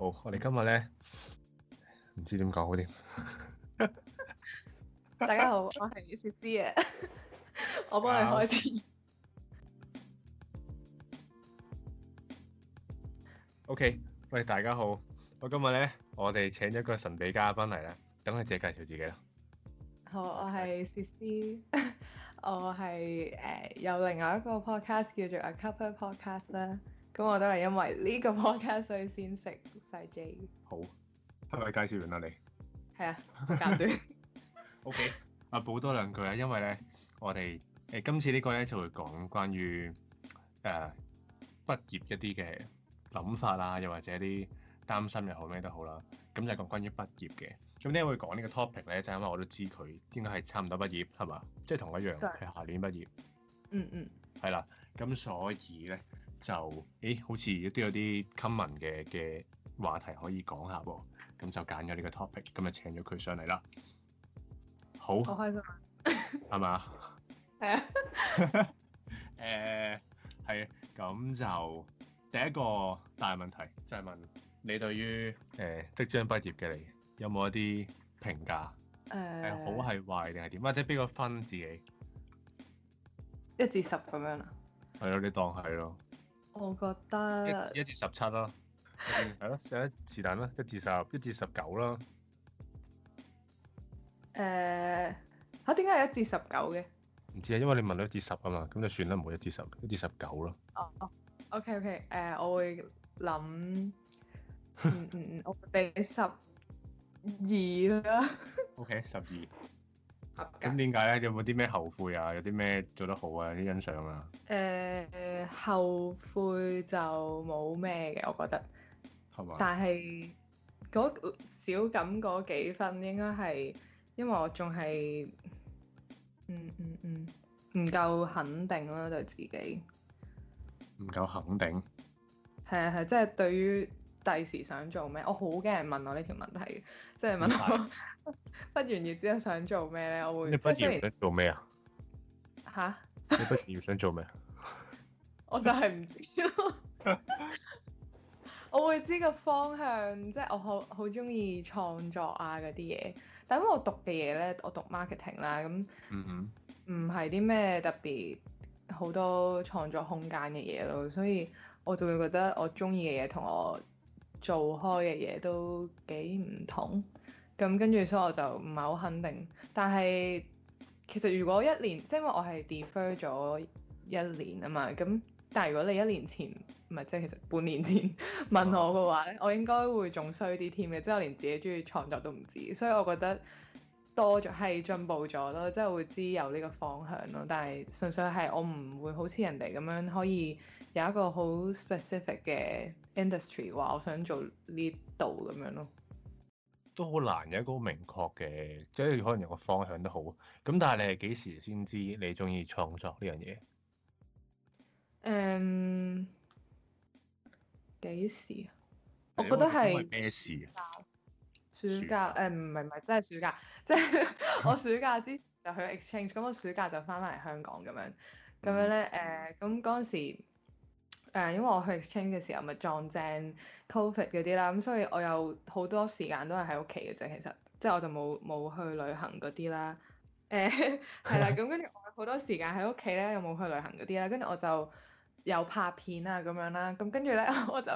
好，我哋今日咧唔知點講好啲。大家好，我係 Ceci 嘅，我幫你開始。O K，喂，大家好，我今日咧，我哋請咗個神秘嘉賓嚟啦，等佢自己介紹自己啦。好，我係 Ceci，我係誒有另外一個 podcast 叫做 ACUPPA Podcast 啦。咁我都係因為呢個 podcast 所以先識細 J。好，係咪介紹完啦你？係啊，簡短。O K，阿補多兩句啊，因為咧我哋誒、呃、今次個呢個咧就會講關於誒、呃、畢業一啲嘅諗法啦，又或者啲擔心又好咩都好啦。咁就講關於畢業嘅。咁點解會講個呢個 topic 咧？就係、因為我都知佢應該係差唔多畢業，係嘛？即、就、係、係、同一樣係下對年畢業。嗯嗯。係啦，咁所以咧。就誒、欸，好似亦都有啲 common 嘅嘅話題可以講下喎。咁就揀咗呢個 topic，咁就請咗佢上嚟啦。好，好開心啊！係咪？係啊。誒，係咁就第一個大問題就係問你對於誒即將畢業嘅你有冇一啲評價？誒、欸欸，好係壞定係點？或者俾個分自己？一至十咁樣啊？係咯，你當係咯。我覺得一至，一至十七咯、啊，係咯， 寫一字等啦，一至十，一至十九啦、啊。誒嚇、uh, 啊，點解一至十九嘅？唔知啊，因為你問到一至十啊嘛，咁就算啦，唔會一至十，一至十九咯、啊。哦、oh，OK OK，誒、uh，我會諗，嗯嗯 嗯，我俾十二啦。 OK，十二。咁點解咧？有冇啲咩後悔啊？有啲咩做得好啊？有啲欣賞啊？誒、呃、後悔就冇咩嘅，我覺得。係嘛嗎？但係嗰少感嗰幾分應該係因為我仲係，嗯嗯嗯，唔、嗯、夠肯定啦對自己。唔夠肯定。係啊係，即係、就是、對於。第時想做咩？我好驚人問我呢條問題即係問我畢、嗯、 完業之後想做咩咧？我會即係之前做咩啊？嚇！你畢業想做咩？ 我就係唔知咯。 我會知個方向，即係我好好中意創作啊嗰啲嘢。但係我讀嘅嘢咧，我讀 marketing 啦，咁唔唔係啲咩特別好多創作空間嘅嘢咯，所以我就會覺得我中意嘅嘢同我。做開嘅嘢都幾唔同，咁跟住所以我就唔係好肯定。但係其實如果一年，即係因為我係 defer 咗一年啊嘛，咁但係如果你一年前，唔係即係其實半年前 問我嘅話咧，我應該會仲衰啲添嘅，即係我連自己中意創作都唔知。所以我覺得多咗係進步咗咯，即係會知有呢個方向咯。但係純粹係我唔會好似人哋咁樣可以有一個好 specific 嘅。Industry 話我想做呢度咁樣咯，都好難嘅，有一個好明確嘅，即係可能有個方向都好。咁但係你係幾時先知你中意創作呢樣嘢？誒，幾時啊？我覺得係咩時啊？暑假，誒，唔係唔係，真係暑假，即係我暑假之前就去 exchange，咁我暑假就翻翻嚟香港咁樣，咁樣咧，誒，咁嗰陣時。誒，因為我去 exchange 嘅時候咪撞正 COVID 嗰啲啦，咁所以我有好多時間都係喺屋企嘅啫。其實，即係我就冇冇去旅行嗰啲、欸、 啦。誒、 嗯，係啦，咁跟住我好多時間喺屋企咧，有冇去旅行嗰啲啦。跟住我就有拍片啊咁樣啦。咁跟住咧，我就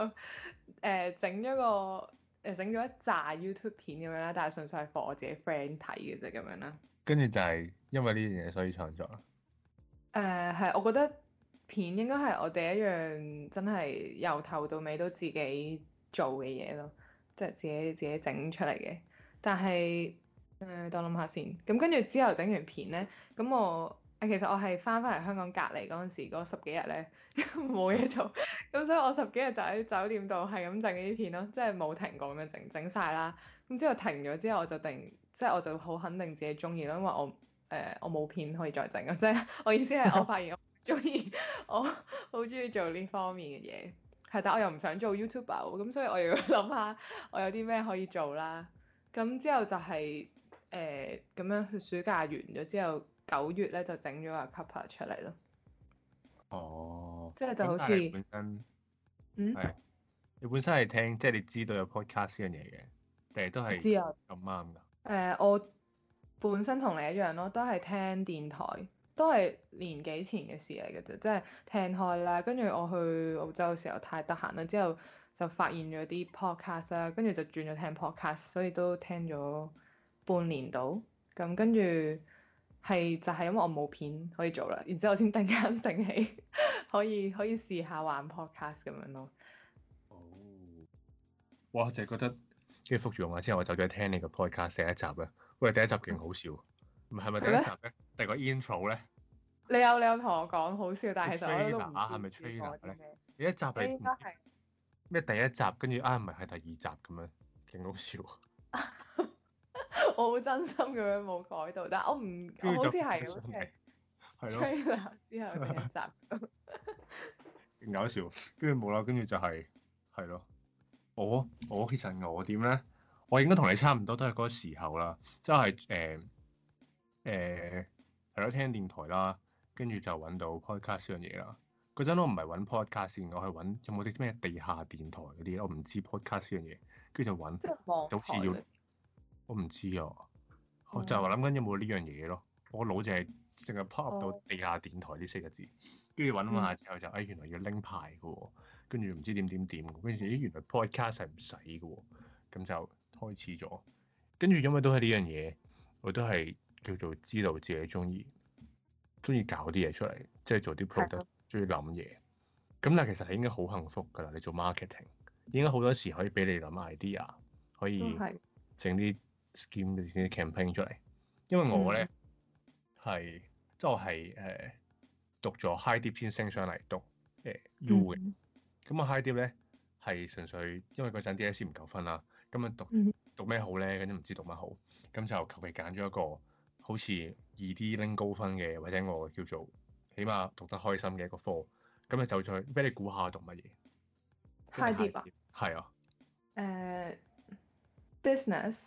誒整咗個誒整咗一紮 YouTube 片咁樣啦，但係純粹係 for 我自己 friend 睇嘅啫咁樣啦。跟住就係因為呢樣嘢，所以創作啦。誒、呃，係，我覺得。片應該係我第一樣真係由頭到尾都自己做嘅嘢咯，即係自己自己整出嚟嘅。但係誒，我諗下先。咁跟住之後整完片呢，咁我誒其實我係翻返嚟香港隔離嗰陣時，嗰十幾日呢，冇 嘢做，咁所以我十幾日就喺酒店度係咁整呢啲片咯，即係冇停過咁樣整，整晒啦。咁之後停咗之後，我就定，即係我就好肯定自己中意咯，因為我誒、呃、我冇片可以再整，即係我意思係我發現。 中意我好中意做呢方面嘅嘢，係，但我又唔想做 YouTuber，咁所以我又要諗下我有啲咩可以做啦。咁之後就係誒咁樣，去暑假完咗之後，九月咧就整咗個 cover 出嚟咯。哦，即係就好似本身，嗯，係你本身係聽，即係你知道有 podcast 呢樣嘢嘅，定係都係咁啱㗎？誒、呃，我本身同你一樣咯，都係聽電台。都係年幾前嘅事嚟嘅啫，即係聽開啦。跟住我去澳洲嘅時候太得閒啦，之後就發現咗啲 podcast 啦，跟住就轉咗聽 podcast，所以都聽咗半年到。咁跟住係就係、是、因為我冇片可以做啦，然之後我先突然間醒起 可以可以試下玩 podcast 咁樣咯。哦，哇！我就係覺得跟住復住我之後我就再聽你個 podcast 第一集啦。喂，第一集勁好笑，唔係咪第一集咧？ 第個 intro 咧，你有你有同我講好笑，但係其，Tra 其實我都唔啊，係咪 trainer 咧？第一集係咩？ 第一集跟住啊，唔係係第二集咁樣，勁好笑。 我好真心咁樣冇改到，但係我唔，好似係，係咯 trainer 之後第一集咁，勁 搞笑。跟住冇啦，跟住就係、是，係咯，我我其實我點咧？我應該同你差唔多，都係嗰時候啦，即係誒誒。呃呃呃呃係咯，聽電台啦，跟住就揾到 podcast 呢樣嘢啦。嗰陣我唔係揾 podcast，我係揾有冇啲咩地下電台嗰啲，我唔知 podcast 呢樣嘢，跟住就揾就好似要我唔知啊。就話諗緊有冇呢樣嘢咯。我腦就係淨係 pop、嗯、到地下電台呢四個字，跟住揾下之後就誒、哎、原來要拎牌㗎喎、哦，跟住唔知點點點，跟住咦原來 podcast 係唔使㗎喎、哦，咁就開始咗。跟住因為都係呢樣嘢，我都係。叫做知道自己中意，中意搞啲嘢出嚟，即係做啲 product，中意諗嘢。咁的但係其實你應該好幸福㗎啦，你做 marketing，應該好多時可以俾你諗 idea，可以整啲 scheme 啲 campaign 出嚟。因為我咧係即係我係誒讀咗 high dip 先升上嚟讀誒 U 嘅。咁、呃、啊、嗯、high dip 咧係純粹因為嗰陣 DSE 唔夠分啦，咁啊讀讀咩好咧？咁就唔知讀乜好，咁就求其揀咗一個。好似易啲拎高分嘅，或者我叫做起碼讀得開心嘅一個科，咁你就再俾你估下讀乜嘢？太啲吧？係啊。誒，Business。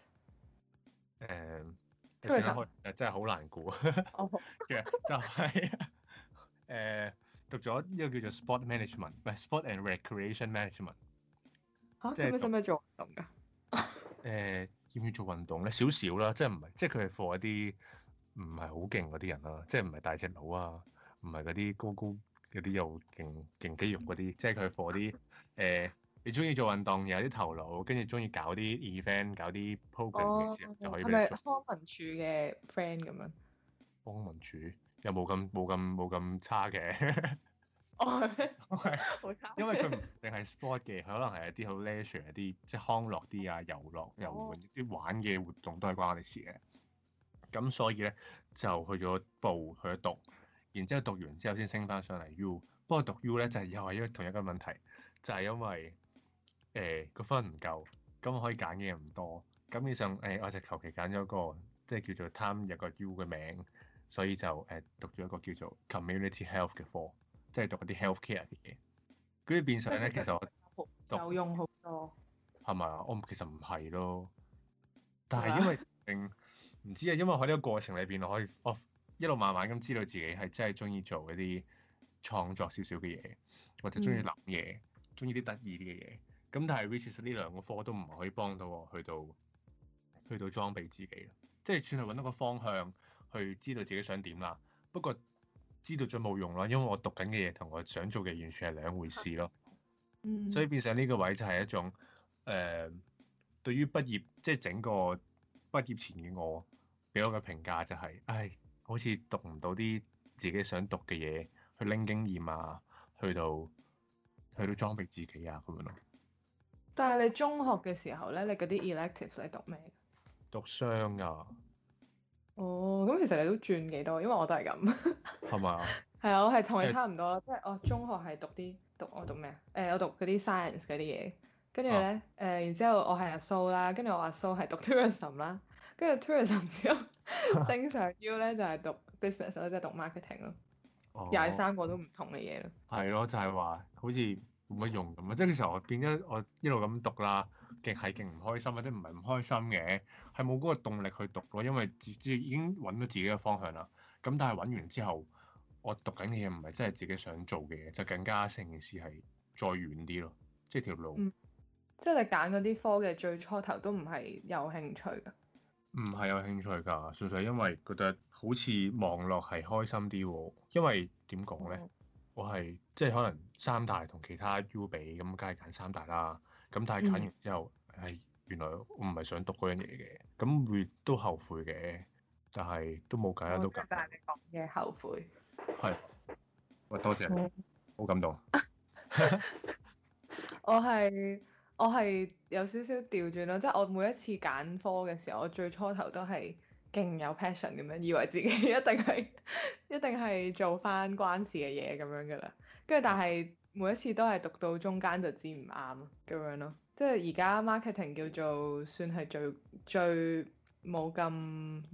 誒，其實真係好難估啊。哦。就係誒讀咗一個叫做 Sport Management，唔係 Sport and Recreation Management，啊。嚇？咁你使唔使做？做㗎？誒。中意做運動咧少少啦，即係唔係即係佢係 for 一啲唔係好勁嗰啲人啦，即係唔係大隻佬啊，唔係嗰啲高高嗰啲又勁勁肌肉嗰啲，即係佢 for 啲誒你中意做運動又有啲頭腦，跟住中意搞啲 event 搞、啊、搞啲 program 嘅時候就可以。係咪康文署嘅 friend 咁樣？康文署又冇咁冇咁冇咁差嘅。 我係， okay, 因為佢唔定係 sport 嘅，佢可能係一啲好 leisure 一啲，即係康樂啲啊，遊樂、遊玩啲玩嘅活動都係關我哋事嘅。咁所以咧就去咗部去咗讀，然之後讀完之後先升翻上嚟 U。不過讀 U 咧就係、是、又係一個同一個問題，就係、是、因為誒個、呃、分唔夠，咁可以揀嘅嘢唔多。咁以上誒、呃、我就求其揀咗個即係叫做貪入個 U 嘅名，所以就誒讀咗一個叫做 Community Health 嘅科。即係讀嗰啲 healthcare 嘅嘢，跟住變相咧，其實我有用好多係咪啊？我其實唔係咯， 但係因為唔知啊，因為喺呢個過程裏邊，我可以我一路慢慢咁知道自己係真係中意做一啲創作少少嘅嘢，或者中意諗嘢，中意啲得意啲嘅嘢。咁但係 which 呢兩個科都唔可以幫到我去到去到裝備自己啦，即係算係揾到個方向去知道自己想點啦。不過，知道咗冇用啦，因為我讀緊嘅嘢同我想做嘅完全係兩回事咯，嗯、所以變成呢個位就係一種誒、呃，對於畢業即係、就是、整個畢業前嘅我，俾我嘅評價就係、是，唉，好似讀唔到啲自己想讀嘅嘢，去拎經驗啊，去到去到裝備自己啊咁樣咯。但係你中學嘅時候咧，你嗰啲 electives 你讀咩？讀商啊。哦，咁其實你都轉幾多？因為我都係咁，係咪啊？係啊，我係同你差唔多，即係我中學係讀啲讀我讀咩啊？誒，我讀嗰啲 science 嗰啲嘢，跟住咧誒，然之後我係阿蘇啦，跟住我阿蘇係讀 tourism 啦，跟住 tourism 之後正常要咧就係讀 business 咯，即係讀 marketing 咯，又係三個都唔同嘅嘢咯。係咯，就係話好似冇乜用咁啊！即係其實我變咗我一路咁讀啦。勁係勁唔開心，或者唔係唔開心嘅，係冇嗰個動力去讀咯，因為自己已經揾到自己嘅方向啦。咁但係揾完之後，我讀緊嘅嘢唔係真係自己想做嘅嘢，就更加成件事係再遠啲咯，即係條路。嗯、即係你揀嗰啲科嘅最初頭都唔係有興趣噶，唔係有興趣噶，純粹因為覺得好似網絡係開心啲喎。因為點講呢？嗯、我係即係可能三大同其他 U 比咁，梗係揀三大啦。咁但係揀完之後，係、哎、原來我唔係想讀嗰樣嘢嘅，咁會都後悔嘅，但係都冇計都揀。就你講嘅後悔。係，喂，多謝你，好 感動。 我係我係有少少調轉咯，即係我每一次揀科嘅時候，我最初頭都係勁有 passion 咁樣，以為自己一定係一定係做翻關事嘅嘢咁樣噶啦，跟住但係。每一次都係讀到中間就知唔啱咯，咁樣咯，即係而家 marketing 叫做算係最最冇咁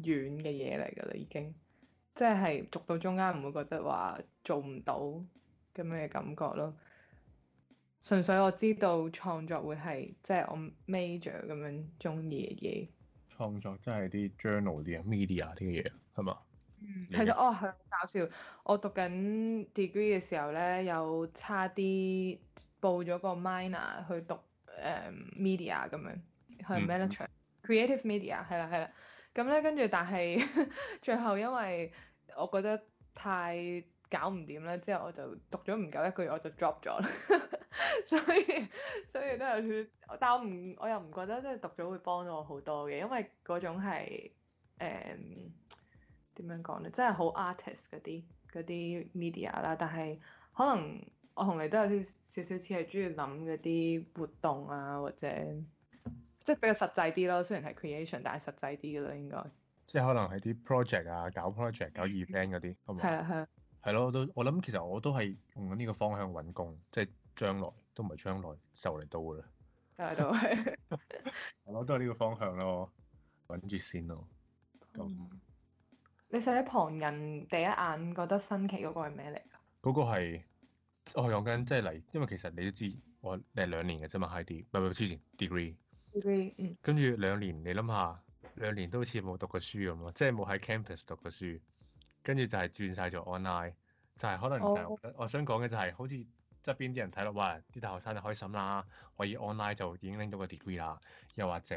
遠嘅嘢嚟㗎啦，已經，即係讀到中間唔會覺得話做唔到咁樣嘅感覺咯。純粹我知道創作會係即係我 major 咁樣中意嘅嘢。創作真係啲 journal 啲啊 media 啲嘅嘢，係嘛？嗯，mm. 其實哦係好搞笑，我讀緊 degree 嘅時候咧，有差啲報咗個 minor 去讀誒、um, media 咁樣，mm. 去 manager creative media 係啦係啦，咁咧跟住但係最後因為我覺得太搞唔掂啦，之後我就讀咗唔夠一個月我就 drop 咗啦，所以所以都有少少，但我唔我又唔覺得即係讀咗會幫到我好多嘅，因為嗰種係點樣講咧？真係好 artist 嗰啲嗰啲 media 啦，但係可能我同你都有少少少似係中意諗嗰啲活動啊，或者即係比較實際啲咯。雖然係 creation，但係實際啲嘅啦，應該即係可能係啲 project 啊，搞 project 搞 event 嗰啲，係啊係啊，係咯、 嗯，嗯嗯、我都我諗其實我都係用緊呢個方向揾工，即係將來都唔係將來就嚟到噶啦，就嚟、係、到係、嗯、 我都係呢個方向咯，揾住先咯，咁。嗯嗯。你想喺旁人第一眼覺得新奇嗰個係咩嚟？嗰個係我講緊，即係嚟，因為其實你都知，我你誒兩年嘅啫嘛 high D，唔係唔係，之前 degree，degree，嗯，跟住兩年，你諗下，兩年都好似冇讀過書咁咯，即係冇喺 campus 讀過書，跟住就係轉晒做 online，就係可能就係、好我想講嘅就係、係，好似側邊啲人睇落，「哇，啲大學生就開心啦，可以 online 就已經拎到個 degree 啦，又或者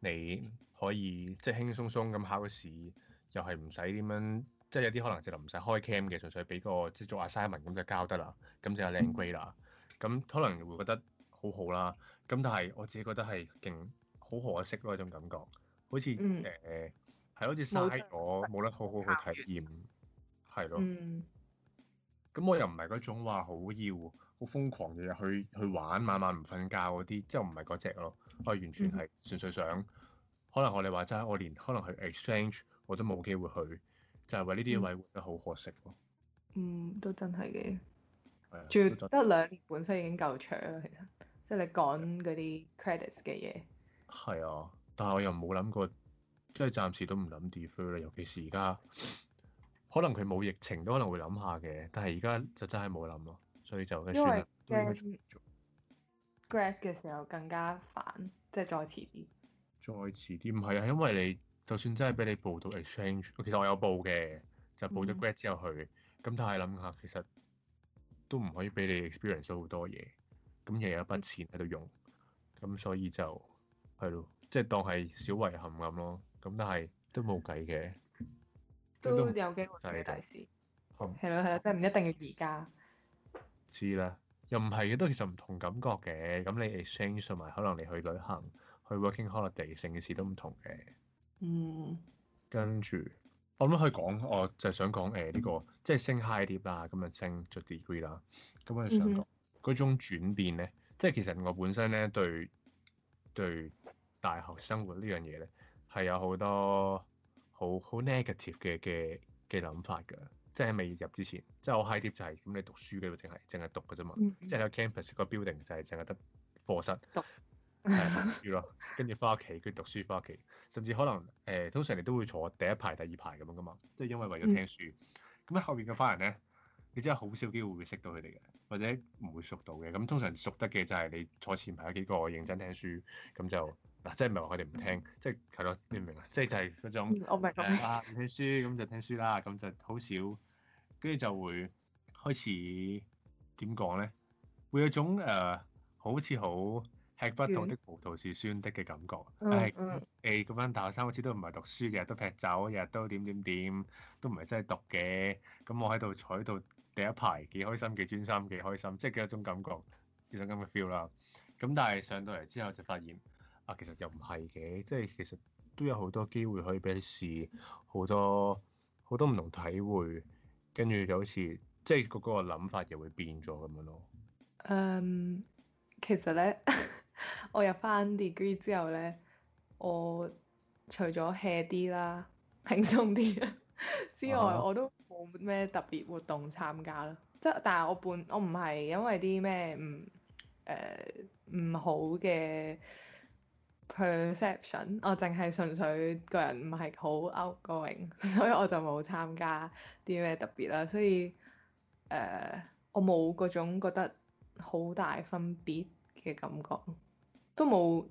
你可以即係、就係、輕鬆鬆咁考個試。又係唔使點樣，即係有啲可能直頭唔使開 cam 嘅，純粹俾個即係做 assignment 咁就交得啦。咁就靚 grade 啦。咁、mm hmm. 可能會覺得好好啦。咁但係我自己覺得係勁好可惜咯，嗰種感覺好似誒係好似嘥咗，冇錯得好好去體驗係咯。咁我又唔係嗰種話好要好瘋狂嘅去去玩晚晚唔瞓覺嗰啲，即係唔係嗰隻咯。我完全係純粹想，mm hmm. 可能我哋話齋，我連可能去 exchange。我都冇機會去，就係、是、為呢啲位都好可惜咯。嗯，都真係嘅。仲得的真兩年本身已經夠長啦，其實，即係你講嗰啲 credit 嘅嘢。係啊，但係我又冇諗過，即係暫時都唔諗 defer 啦。尤其是而家，可能佢冇疫情都可能會諗下嘅，但係而家就真係冇諗咯，所以就算啦。為 grad 嘅時候更加煩，即係再遲啲。再遲啲唔係啊，因為你。就算真係俾你報到 exchange，其實我有報嘅，就報咗 grad 之後去。咁、嗯、但係諗下，其實都唔可以俾你 experience 好多嘢，咁又有一筆錢喺度用，咁所以就係咯，即係當係小遺憾咁咯。咁但係都冇計嘅，都有機會就係你大事係咯係咯，即係唔一定要而家知啦。又唔係嘅，都其實唔同感覺嘅。咁你 exchange 同埋可能你去旅行去 working holiday，成件事都唔同嘅。嗯，跟住我諗可以講，我就係想講誒呢個，即係升 high dip 啦，咁啊升做 degree 啦，咁我係想講嗰種轉變咧，即係其實我本身咧對對大學生活呢樣嘢咧，係有好多好好 negative 嘅嘅嘅諗法噶，即係未入之前，即係我 high dip 就係咁，你讀書嘅淨係淨係讀噶啫嘛，即係個 campus 個 building 就係淨係得課室。係咯，跟住翻屋企，跟住 讀書翻屋企，甚至可能誒、呃，通常你都會坐第一排、第二排咁樣噶嘛，即係因為為咗聽書。咁喺後邊嘅班人咧，你真係好少機會會識到佢哋嘅，或者唔會熟到嘅。咁通常熟得嘅就係你坐前排嗰幾個認真聽書，咁就嗱、啊，即係唔係話佢哋唔聽，即係係咯，你明唔明？嗯、啊？即係就係嗰種，我唔係。啊，唔聽書咁 就聽書啦，咁就好少，跟住就會開始點講咧，會有種誒、呃，好似好～吃不到的葡萄是酸的嘅感覺。誒誒、嗯，嗰、嗯哎、班大學生好似都唔係讀書嘅，日日都劈酒，日日都點點點，都唔係真係讀嘅。咁我喺度坐喺度第一排，幾開心，幾專心，幾開心，即係嘅一種感覺，一種咁嘅 feel 啦。咁但係上到嚟之後就發現啊，其實又唔係嘅，即係其實都有好多機會可以俾你試好多好多唔同體會，跟住就好似即係嗰個諗法又會變咗咁樣咯。誒、嗯，其實咧～ 我入翻 degree 之後呢，我除咗 hea 啲啦、輕鬆啲之外，哇我都冇咩特別活動參加啦。即係，但係我本我唔係因為啲咩唔誒唔好嘅 perception，我淨係純粹個人唔係好 outgoing，所以我就冇參加啲咩特別啦。所以誒、呃，我冇嗰種覺得好大分別嘅感覺。都冇，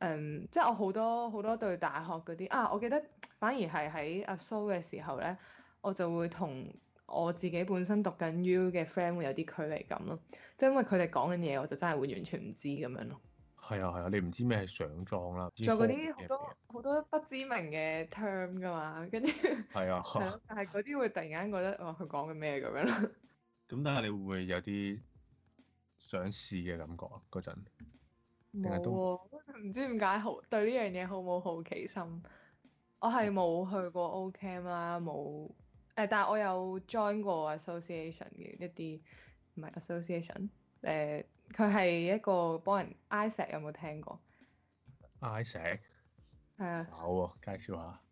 嗯，即係我好多好多對大學嗰啲啊，我記得反而係喺阿蘇嘅時候咧，我就會同我自己本身讀緊 U 嘅 friend 會有啲距離感咯，即係因為佢哋講緊嘢，我就真係會完全唔知咁樣咯。係啊係啊，你唔知咩係上妝啦，仲有嗰啲好多好多不知名嘅 term 㗎嘛，跟住係啊， 但係嗰啲會突然間覺得哇，佢講緊咩咁樣咯。咁 但係你會唔會有啲想試嘅感覺啊？嗰陣？冇喎，唔、啊、知點解好對呢樣嘢好冇好，好奇心。我係冇去過 Ocamp 啦，冇誒、欸，但我有 join 過 association 嘅一啲唔係 association。誒 associ、欸，佢係一個幫人 Iset 有冇聽過？Iset said .係、uh, 啊，有喎，介紹下。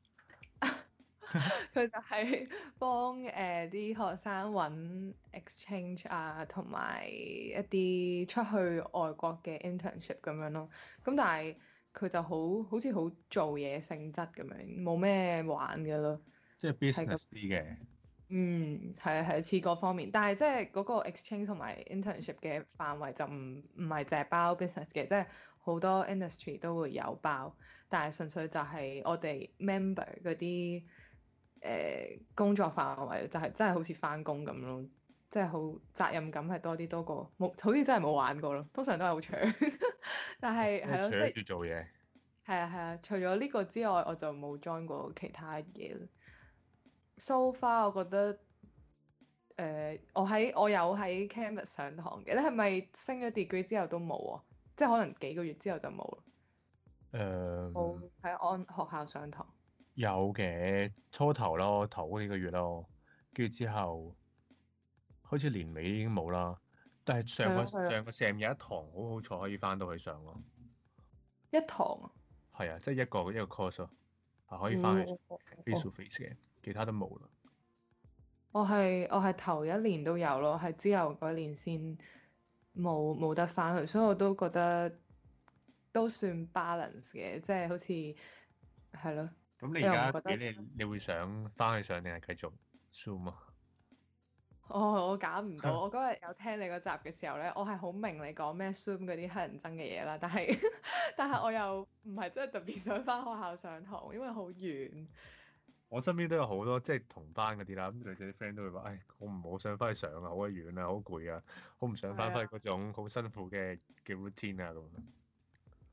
佢 就係幫誒啲、呃、學生揾 exchange 啊，同埋一啲出去外國嘅 internship 咁樣咯。咁、嗯、但係佢就好好似好做嘢性質咁樣，冇咩玩嘅咯。即係 business 啲嘅。嗯，係係似嗰方面，但係即係嗰個 exchange 同埋 internship 嘅範圍就唔唔係淨係包 business 嘅，即係好多 industry 都會有包。但係純粹就係我哋 member 嗰啲。誒、呃、工作範圍就係、是、真係好似翻工咁咯，即係好責任感係多啲多過冇，好似真係冇玩過咯。通常都係好長， 但係係咯，即係做嘢係啊係啊，除咗呢個之外，我就冇 join 過其他嘢 so far 我覺得誒、呃，我喺我有喺 campus 上堂嘅，你係咪升咗 degree 之後都冇啊？即係可能幾個月之後就冇啦。誒，喺安學校上堂。有嘅，初頭咯，頭嗰幾個月咯，跟住之後，好似年尾已經冇啦。但係上個上個 semester 一堂，好好彩可以翻到去上咯。一堂課啊？係啊，即係一個一個 course 咯，係可以翻去、嗯、face to face 嘅，哦、其他都冇啦。我係我係頭一年都有咯，係之後嗰年先冇冇得翻去，所以我都覺得都算 balance 嘅，即、就、係、是、好似係咯。咁你而家俾你，你會想翻去上定係繼續 zoom 啊？哦、oh，我揀唔到。 我嗰日有聽你嗰集嘅時候咧，我係好明你講咩 zoom 嗰啲黑人憎嘅嘢啦。但係 但係我又唔係真係特別想翻學校上堂，因為好遠。我身邊都有好多即係、就是、同班嗰啲啦，咁你哋啲 friend 都會話：唉，我唔好想翻去上啊，好遠啊，好攰啊，好唔想翻翻嗰種好辛苦嘅嘅 routine 啊咁樣。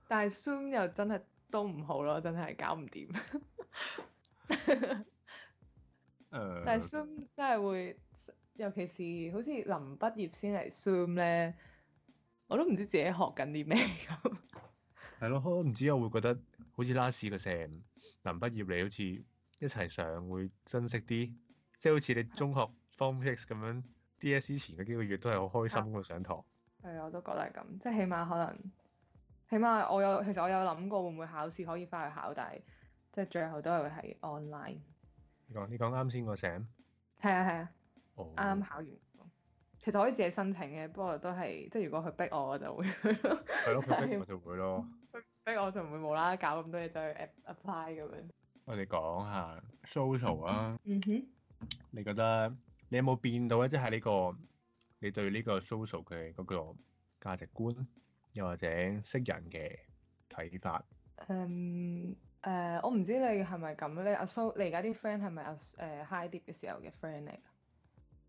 但係 zoom 又真係都唔好咯，真係搞唔掂。 但係 Zoom 真係會，尤其是好似臨畢業先嚟 Zoom 咧，我都唔知自己學緊啲咩。咁係咯，唔知我會覺得好似 last 個成臨畢業你好似一齊上會珍惜啲，即係好似你中學 form six 咁樣 DSE 前嗰幾個月都係好開心個上堂。係啊，我都覺得係咁，即係起碼可能，起碼我有其實我有諗過會唔會考試可以翻去考，但係。即係最後都係會係 online。你講你講啱先個 Sam 係啊係啊，啱、啊 oh. 考完。其實可以自己申請嘅，不過都係即係如果佢逼我，我就會係咯。佢 逼我就會咯。佢唔 逼我就唔會冇啦啦 搞咁多嘢就去 apply 咁樣。我哋講下 social 啊。嗯哼、mm。Hmm. 你覺得你有冇變到咧、這個？即係呢個你對呢個 social 嘅嗰個價值觀，又或者識人嘅睇法？誒。Um, 誒，uh, 我唔知你係咪咁咧。阿蘇、so，你而家啲 friend 係咪阿誒 high 啲嘅時候嘅 friend 嚟？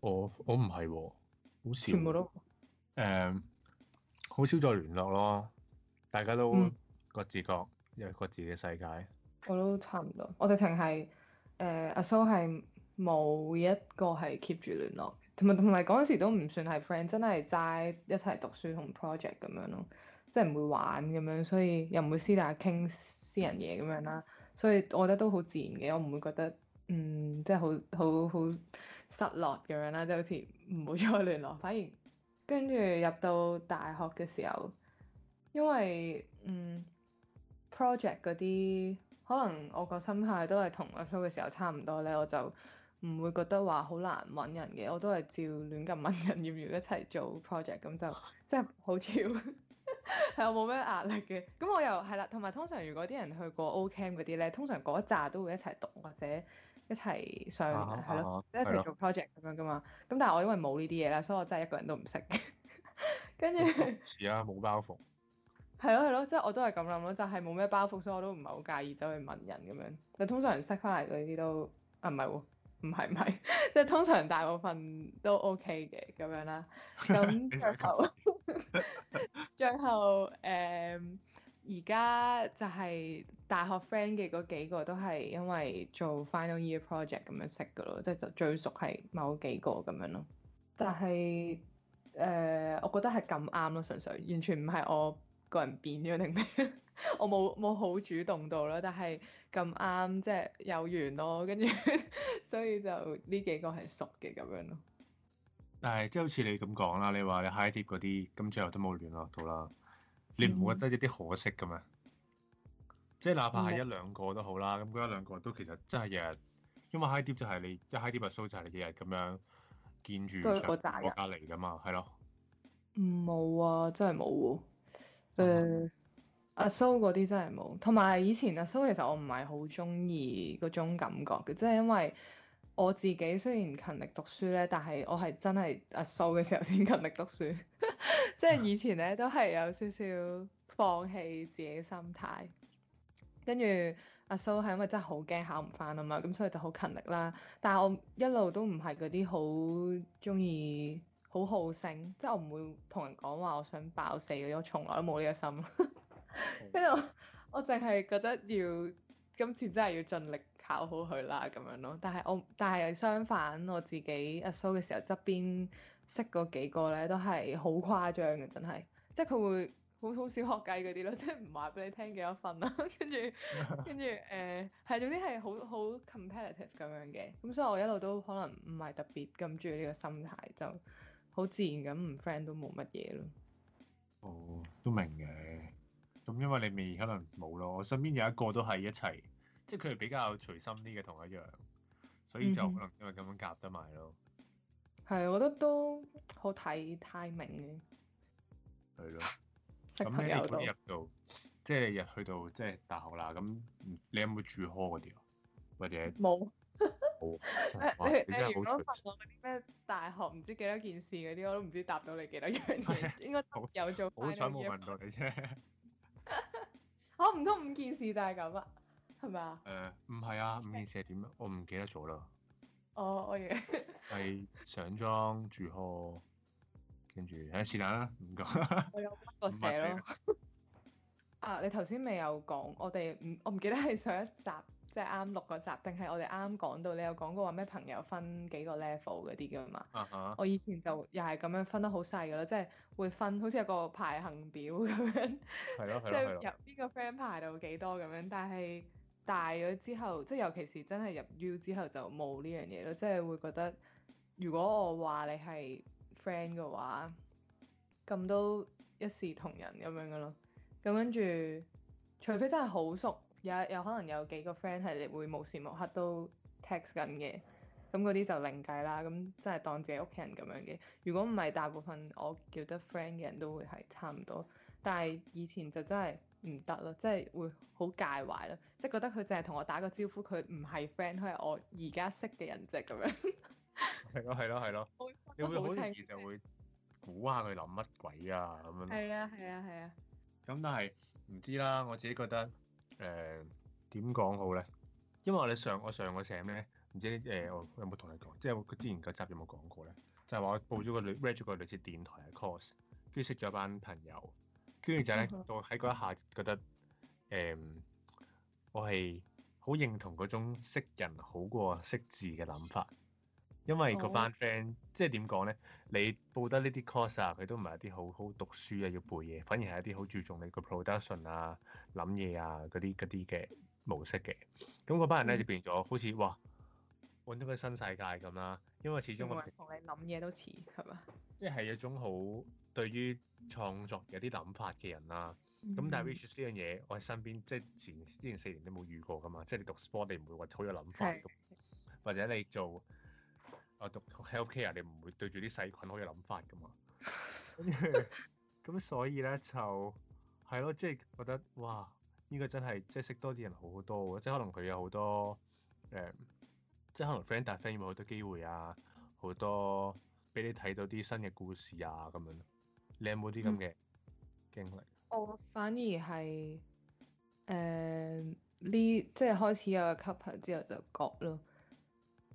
我我唔係喎，好少、哦，全部都誒，uh, 好少再聯絡咯。大家都各自各，又、嗯、各自嘅世界。我都差唔多。我哋情係誒，阿蘇係冇一個係 keep 住聯絡，同埋同埋嗰陣時都唔算係 friend，真係齋一齊讀書同 project 咁樣咯，即係唔會玩咁樣，所以又唔會私底下傾。私人嘢咁樣啦，所以我覺得都好自然嘅，我唔會覺得，嗯，即係好好好失落咁樣啦，即係好似唔好再聯絡。反而跟住入到大學嘅時候，因為嗯 project 嗰啲，可能我個心態都係同阿初嘅時候差唔多咧，我就唔會覺得話好難揾人嘅，我都係照亂咁揾人，要唔要一齊做 project？咁就即係好調。 係我冇咩壓力嘅，咁我又係啦，同埋通常如果啲人去過 O Camp 嗰啲咧，通常嗰一紮都會一齊讀或者一齊上，係咯，即係一齊做 project 咁樣噶嘛。咁但係我因為冇呢啲嘢啦，所以我真係一個人都唔識嘅。跟住是啊，冇包袱。係咯係咯，即係我都係咁諗咯，就係冇咩包袱，所以我都唔係好介意走去問人咁樣。但通常識翻嚟嗰啲都啊唔係喎，唔係唔係，即係 通常大部分都 OK 嘅咁樣啦。咁 最後誒，而、uh, 家就係大學 friend 嘅嗰幾個都係因為做 final year project 咁樣識噶咯，即、就、係、是、就最熟係某幾個咁樣咯。但係誒，uh, 我覺得係咁啱咯，純粹完全唔係我個人變咗定咩， 我冇冇好主動到咯。但係咁啱即係有緣咯，跟住所以就呢幾個係熟嘅咁樣咯。但係、哎，即係好似你咁講啦，你話你 high dip 嗰啲，咁最後都冇聯絡到啦。你唔覺得一啲可惜嘅咩？嗯、即係哪怕係一兩個都好啦，咁嗰、嗯、一兩個都其實真係日，日。因為 high dip 就係你一 high dip 咪 s h、嗯、就係你日日咁樣見住個國家嚟噶嘛，係咯？冇、嗯、啊，真係冇、啊。誒、嗯， uh, 阿 s 嗰啲真係冇。同埋以前阿 s 其實我唔係好中意嗰種感覺嘅，即、就、係、是、因為。我自己雖然勤力讀書呢，但係我係真係阿蘇嘅時候先勤力讀書， 即係以前呢，都係有少少放棄自己嘅心態。跟住阿蘇係因為真係好驚考唔翻啊嘛，咁所以就好勤力啦。但係我一路都唔係嗰啲好鍾意好好勝，即係我唔會同人講話我想爆死，我從來都冇呢個心。跟 住我我淨係覺得要。今次真係要盡力考好佢啦，咁樣咯。但係我，但係相反，我自己阿蘇嘅時候側邊識嗰幾個咧，都係好誇張嘅，真係。即係佢會好好少學計嗰啲咯，即係唔話俾你聽幾多分啦、啊，跟住跟住誒，係、 呃、總之係好好 competitive 咁樣嘅。咁所以我一路都可能唔係特別咁中意呢個心態，就好自然咁唔 friend 都冇乜嘢咯。哦，都明嘅。咁因為你未可能冇咯，我身邊有一個都係一齊。即係佢哋比較隨心啲嘅，同我一樣，所以就可能因為咁樣夾得埋咯。係、嗯，我覺得都好睇 timing 嘅。係咯了，咁咧朋你嗰入到，即係入去到即係、就是、大學啦。咁你有冇住 hall 嗰啲啊？乜嘢？冇沒。冇。你， 如果 你真係好隨。問我嗰啲咩大學唔知幾多件事嗰啲，我都唔知答到你幾多樣。 應該有做。好彩冇問到你啫。我唔通五件事就係咁啊！係咪、呃、啊？誒唔係啊，五件事係點啊？我唔記得咗啦。哦，我而係上妝、住呵，跟住誒試下啦，唔講。我有個寫咯。 啊！你頭先未有講？我哋唔我唔記得係上一集即係啱六個集，定係我哋啱啱講到你有講過話咩朋友分幾個 level 嗰啲，噶嘛？Uh huh. 我以前就又係咁樣分得好細噶咯，即係會分好似有個排行表咁樣。係咯，係咯，即係入邊個 friend 排到幾多咁樣，但係。大咗之後，即係尤其是真係入 U 之後就冇呢樣嘢咯，即係會覺得如果我話你係 friend 嘅話，咁都一視同仁咁樣嘅咯。咁跟住，除非真係好熟，有有可能有幾個 friend 係你會無時無刻都 text 緊嘅，咁嗰啲就另計啦。咁真係當自己屋企人咁樣嘅。如果唔係，大部分我叫得 friend 嘅人都會係差唔多。但係以前就真係。唔得咯，即係會好介懷咯，即係覺得佢淨係同我打個招呼，佢唔係 friend，佢係我而家識嘅人啫咁樣。係咯，係咯，係咯。你會好容易就會估下佢諗乜鬼啊咁樣。係啊，係啊，係啊。咁但係唔知啦，我自己覺得誒點講好咧？因為我哋上我上個 sem 唔知誒我有冇同你講，即係佢之前嗰集有冇講過咧？就係話我報咗個 r a d 咗個類似電台嘅 course，跟住識咗班朋友。跟住就係咧，我喺嗰一下覺得，誒、嗯，我係好認同嗰種識人好過識字嘅諗法，因為嗰班 friend 即係點講咧，你報得呢啲 course 啊，佢都唔係一啲好好讀書啊，要背嘢，反而係一啲好注重你個 production 啊、諗嘢啊嗰啲嗰啲嘅模式嘅。咁嗰班人咧、嗯、就變咗好似哇，揾到個新世界咁啦、啊。因為始終我同你諗嘢都似係嘛，即係係一種好，對於創作有啲諗法嘅人啦、啊，咁、mm hmm. 但係 research 呢樣嘢，我喺身邊即係前之前四年你冇遇過噶嘛。即係你讀 sport，你唔會話好有諗法、mm hmm. 或者你做啊讀 healthcare，你唔會對住啲細菌好有諗法噶嘛。咁 所以咧就係咯，即係、就是、覺得哇，呢、這個真係即係識多啲人好好多，即係、就是、可能佢有好多誒，即、呃、係、就是、可能 friend 搭 friend 有冇好多機會啊，好多俾你睇到啲新嘅故事啊咁樣。你有冇啲咁嘅經歷？我反而係誒呢，即係開始有個 couple 之後就覺咯，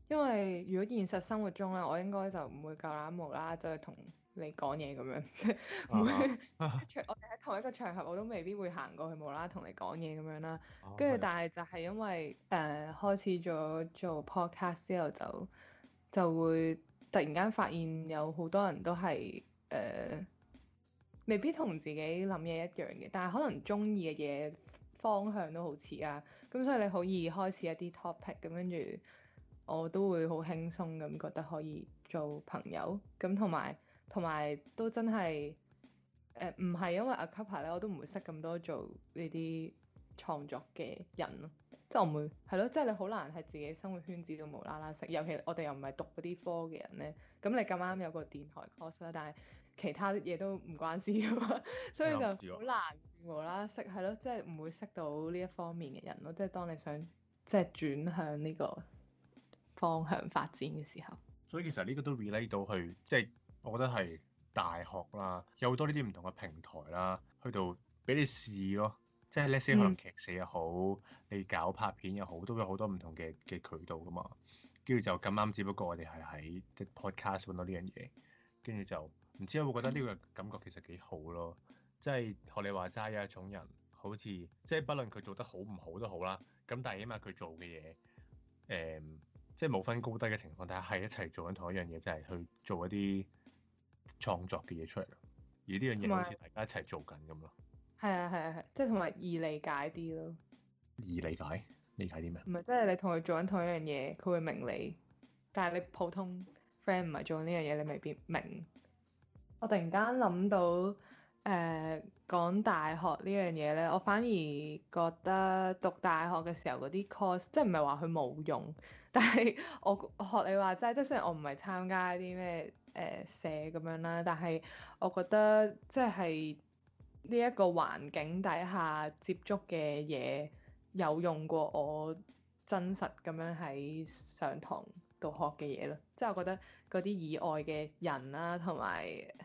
因為如果現實生活中咧，我應該就唔會夠膽無啦，就係同你講嘢咁樣，唔、啊、 會、啊啊、 我哋喺同一個場合我都未必會行過去無啦同你講嘢咁樣啦。跟住、啊，但係就係因為誒、呃、開始咗做 podcast 之後就，就就會突然間發現有好多人都係誒。呃未必同自己諗嘢一樣嘅，但係可能中意嘅嘢方向都好似啊，咁所以你可以開始一啲 topic，咁跟住我都會好輕鬆咁覺得可以做朋友，咁同埋同埋都真係誒唔係因為阿 ACUPPA 咧，我都唔會識咁多做呢啲創作嘅人咯，即係我唔會係咯，即係、就是、你好難係自己生活圈子度無啦啦識，尤其我哋又唔係讀嗰啲科嘅人咧，咁你咁啱有個電台 course 啦，但係。其他嘢都唔關事㗎，所以就好難無啦息係咯，即係唔會識到呢一方面嘅人咯。即係當你想即係轉向呢個方向發展嘅時候，所以其實呢個都 relate 到去，即係我覺得係大學啦，有好多呢啲唔同嘅平台啦，去到俾你試咯，即係 let's say 可能劇社又好，你搞拍片又好，都有好多唔同嘅嘅渠道噶嘛。跟住就咁啱，只不過我哋係喺即係 podcast 揾到呢樣嘢，跟住就。唔知有冇覺得呢個感覺其實幾好咯，即係學你話齋有一種人，好似即係不論佢做得好唔好都好啦，咁但係起碼佢做嘅嘢，誒、嗯、即係冇分高低嘅情況，但係係一齊做緊同一樣嘢，就係去做一啲創作嘅嘢出嚟咯。而呢樣嘢好似大家一齊做緊咁是、啊啊啊、咯。係啊，係啊，係，即係同埋易理解啲咯。易理解？理解啲咩？唔係即係你同佢做緊同一樣嘢，佢會明你，但係你普通 friend 唔係做緊呢樣嘢，你未必明。我突然間諗到，誒、呃，講大學呢樣嘢呢，我反而覺得讀大學嘅時候嗰啲 course，即係唔係話佢冇用，但係我學你話齋，即係雖然我唔係參加啲咩誒社咁樣啦，但係我覺得即係呢一個環境底下接觸嘅嘢有用過我真實咁樣喺上堂。讀學嘅嘢咯，即係我覺得嗰啲以外嘅人啦、啊，同埋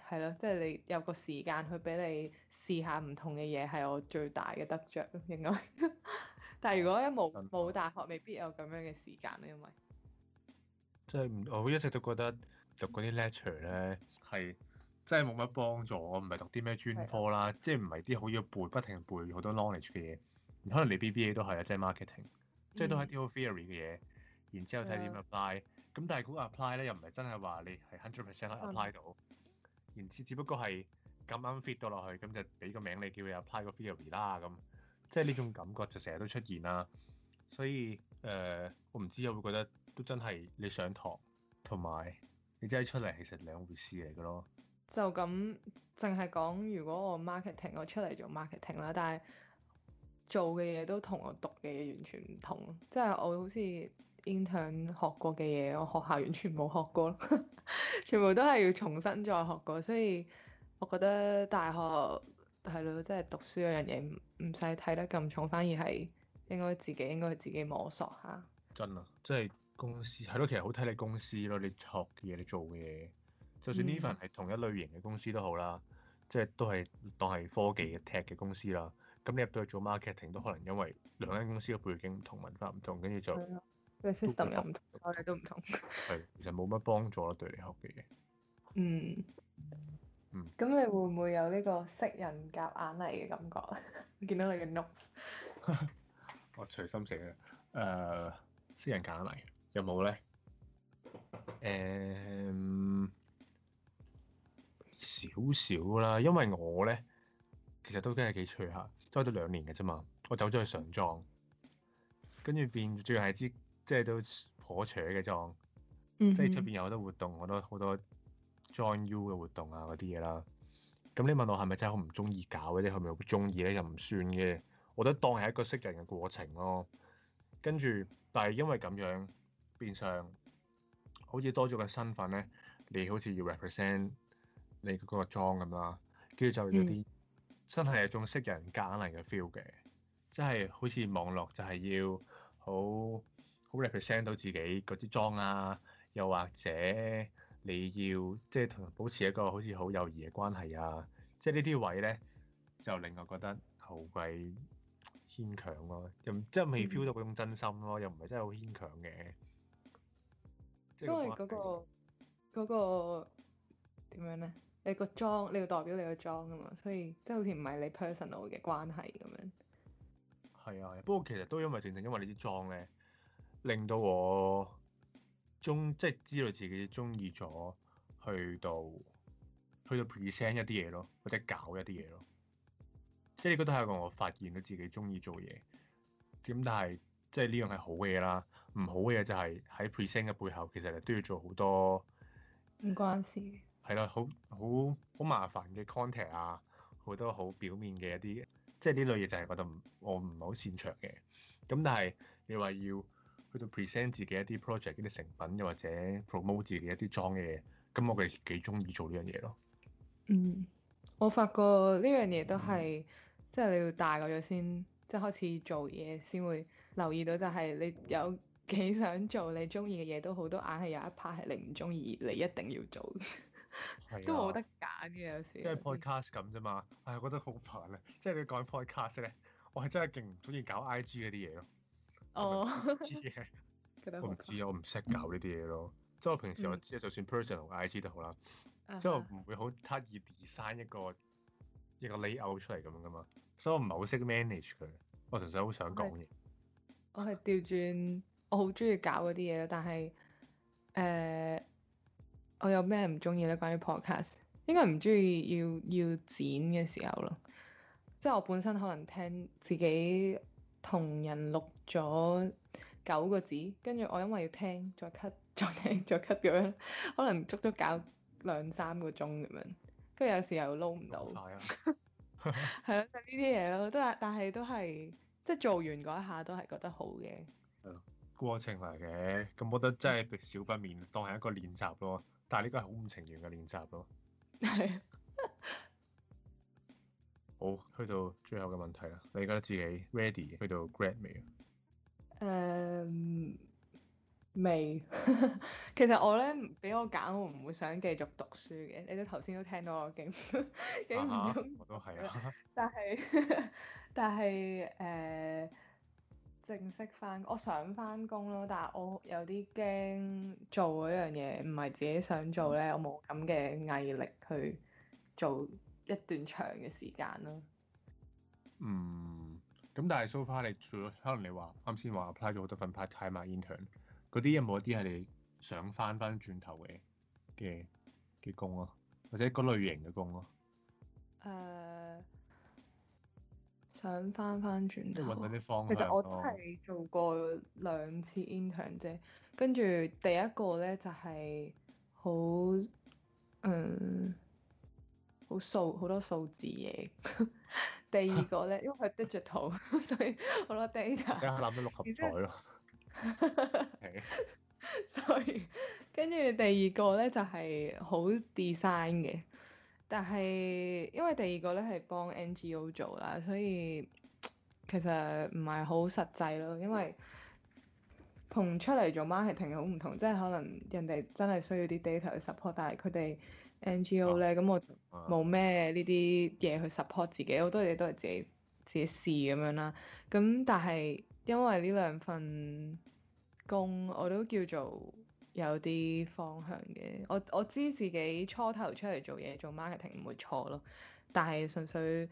係咯，即係、就是、你有個時間去俾你試下唔同嘅嘢，係我最大嘅得着咯。應該， 但係如果一冇冇大學，未必有咁樣嘅時間，因為即係我一直都覺得讀嗰啲 lecture 咧係即係冇乜幫助。我唔係讀啲咩專科啦，即係唔係啲好要背，不停背好多 knowledge 嘅嘢。可能你 BBA 都係啊，即、就、係、是、marketing，即係都係啲好 theory 嘅嘢。嗯然之後睇點樣 apply，咁但係個 apply 咧又唔係真係話你係 hundred percent apply 到，Yeah. 然之只不過係咁啱 fit 到落去，咁就俾個名你叫你 apply 個 theory 啦、嗯，咁即係呢種感覺就成日都出現啦。 所以誒、呃，我唔知有會覺得都真係你上堂同埋你真係出嚟，其實兩回事嚟嘅咯。就咁淨係講，如果我 marketing，我出嚟做 marketing 啦，但係做嘅嘢都同我讀嘅嘢完全唔同，即係我好似～intern 學過嘅嘢，我學校完全冇學過， 全部都係要重新再學過。所以我覺得大學係咯，即係、就是、讀書嗰樣嘢唔唔使睇得咁重，反而係應該自己應該自己摸索下。真啊，即、就、係、是、公司係咯，其實好睇你公司咯。你學嘅嘢，你做嘅嘢，就算呢份係同一類型嘅公司好、嗯、都好啦，即係都係當係科技嘅 tech 嘅公司啦。咁你入到去做 marketing 都可能因為兩間公司嘅背景同文化唔同，跟住就。個 system 又唔同，我哋都唔同係， 其實冇乜幫助咯，對你學嘅嘢。嗯嗯，咁、嗯嗯、你會唔會有呢個識人夾硬嚟嘅感覺？見 到你嘅 notes， 我隨心寫嘅誒，uh, 識人夾硬嚟有冇咧？誒，少少啦，因為我咧其實都真係幾脆下。栽咗兩年嘅啫嘛。我走咗去上莊，跟住變最係支。即係都頗扯嘅莊，mm hmm. 即係出邊有好多活動，好多好多 join you 嘅活動啊，嗰啲嘢啦。咁你問我係咪真係好唔中意搞嗰啲？係咪好中意咧？又唔算嘅，我覺得當係一個識人嘅過程咯。跟住，但係因為咁樣變相，好似多咗個身份咧，你好似要 represent 你嗰個莊咁啦。跟住就有啲、mm hmm. 真係一種識人夾硬嚟嘅 feel 嘅，即係好似網絡就係要好。好 represent 到自己嗰啲裝啊，又或者你要即係同人保持一個好似好友誼嘅關係啊，即係呢啲位咧就令我覺得好鬼牽強咯、啊，又即係未 feel 到嗰種真心咯、啊，嗯、又唔係真係好牽強嘅。因為嗰、嗰個嗰實、嗰個點、嗰個、樣咧？你個裝你要代表你個裝啊嘛，所以即係好似唔係你 personal 嘅關係咁樣。係啊，不過其實都因為正正因為你啲裝咧。令到我中即係知道自己中意咗，去到去到 present 一啲嘢咯，或者搞一啲嘢咯，即係呢個都係一個我發現咗自己中意做嘢。咁但係即係呢樣係好嘅嘢啦，唔好嘅嘢就係喺 present 嘅背後其實都要做好多唔關事係啦，好好好麻煩嘅 contact 啊，好多好表面嘅一啲，即係呢類嘢就係覺得我唔係好擅長嘅。咁但係你話要去到 present 自己一啲 project 啲成品，又或者 promote 自己一啲裝嘅嘢，咁我哋幾中意做呢樣嘢咯。嗯，我發覺呢樣嘢都係、嗯，即係你要大個咗先，即係開始做嘢先會留意到，就係你有幾想做你中意嘅嘢都好，多，硬係有一 part 係你唔中意，你一定要做， 都冇得揀嘅、啊、有時有即、哎。即係 podcast 咁啫嘛，唉，啊，覺得好煩啊！即係你講 podcast 咧，我係真係勁唔中意搞 IG 嗰啲嘢咯。哦， 我知我唔知啊，我唔識搞呢啲嘢咯。即係、嗯、我平時我知，嗯、就算 personal IG 都好啦，即係我唔會好刻意 design 一個一個 layout 出嚟咁樣噶嘛。所以我唔係好識 manage 佢，我純粹好想講嘢。我係調轉，我好中意搞嗰啲嘢咯。但係誒、呃，我有咩唔中意咧？關於 podcast，應該唔中意要要剪嘅時候咯。即係我本身可能聽自己同人錄。咗九個字，跟住我因為要聽，再 cut，再聽，再 cut 咁樣，可能足足搞兩三個鐘咁樣，跟住有時候又撈唔到。係啊，係 啊，就呢啲嘢咯，都係，但係都係，即係做完嗰一下都係覺得好嘅。係咯，過程嚟嘅，咁我覺得真係少不免當係一個練習咯，但係呢個係好唔情願嘅練習咯。係。 好，去到最後嘅問題啦，你覺得自己 ready 去到 grad 未啊？誒、um, 未？ 其實我咧俾我揀，我唔會想繼續讀書嘅。你都頭先都聽到我幾幾唔中，我都係啊！但係但係誒，uh, 正式返，我想返工咯。但係我有啲驚做嗰樣嘢唔係自己想做咧，mm hmm. 我冇咁嘅毅力去做一段長嘅時間咯。嗯、mm。Hmm. 咁但係 so far，你除咗可能你話啱先話 apply 咗好多份 part time intern，嗰啲有冇一啲係你想翻翻轉頭嘅嘅嘅工咯、啊，或者嗰類型嘅工咯、啊？誒、呃，想翻翻轉頭。揾嗰啲方。其實我係做過兩次 intern 啫，跟住第一個咧就係、是、好嗯好數好多數字嘢。 第二個咧，因為佢係 digital， 所以好多 data 是。一下諗咗六合彩咯。所以跟住第二個咧就係、是、好 design 嘅，但係因為第二個咧係幫 NGO 做啦，所以其實唔係好實際咯，因為同出嚟做 marketing 好唔同，即係可能人哋真係需要啲 data 去 support，但係佢哋。NGO 咧，咁、oh. 我就冇咩呢啲嘢去 support 自己，好多嘢都係自己自己試咁樣啦。咁但係因為呢兩份工，我都叫做有啲方向嘅。我我知自己初頭出嚟做嘢做 marketing 唔會錯咯，但係純粹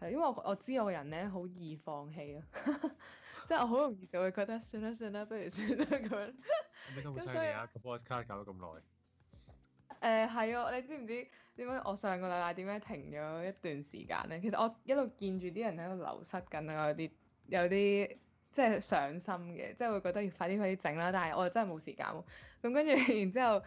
係因為我知我知我個人咧好易放棄啊， 即係我好容易就會覺得算啦算啦，不如算啦咁樣。咁你都好犀利啊，搞咗咁耐。以誒係啊，你知唔知點解我上個禮拜點解停咗一段時間咧？其實我一路見住啲人喺度流失緊啊，我有啲有啲即係上心嘅，即係會覺得要快啲快啲整啦。但係我真係冇時間喎、啊。咁跟住然之後，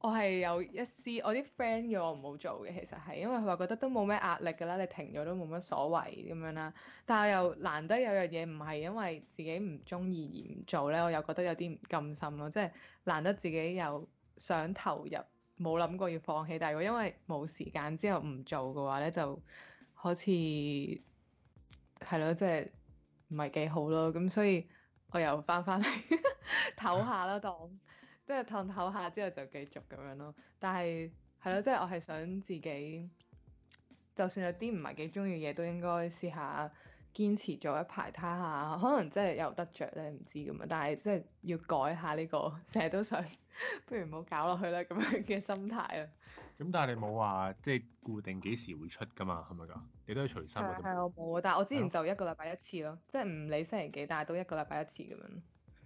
我係有一絲我啲 friend 叫我唔好做嘅，其實係因為佢話覺得都冇咩壓力㗎啦，你停咗都冇乜所謂咁樣啦。但係又難得有樣嘢唔係因為自己唔中意而唔做咧，我又覺得有啲唔甘心咯。即係難得自己又想投入。冇諗過要放棄，但係如果因為冇時間之後唔做嘅話咧，就好似係咯，即係唔係幾好咯。咁所以我又翻返嚟唞下啦，檔、啊，即係唞唞下之後就繼續咁樣咯。但係係咯，即係、就是、我係想自己，就算有啲唔係幾中意嘅嘢，都應該試下。堅持咗一排，睇下可能真係有得着咧，唔知咁啊。但係真係要改下呢、個，成日都想， 不如唔好搞落去啦，咁樣嘅心態啊。咁、嗯、但係你冇話即係固定幾時會出噶嘛？係咪㗎？你都係隨心。係係 我冇。但係我之前就一個禮拜一次咯，了即係唔理星期幾，但係都一個禮拜一次咁樣。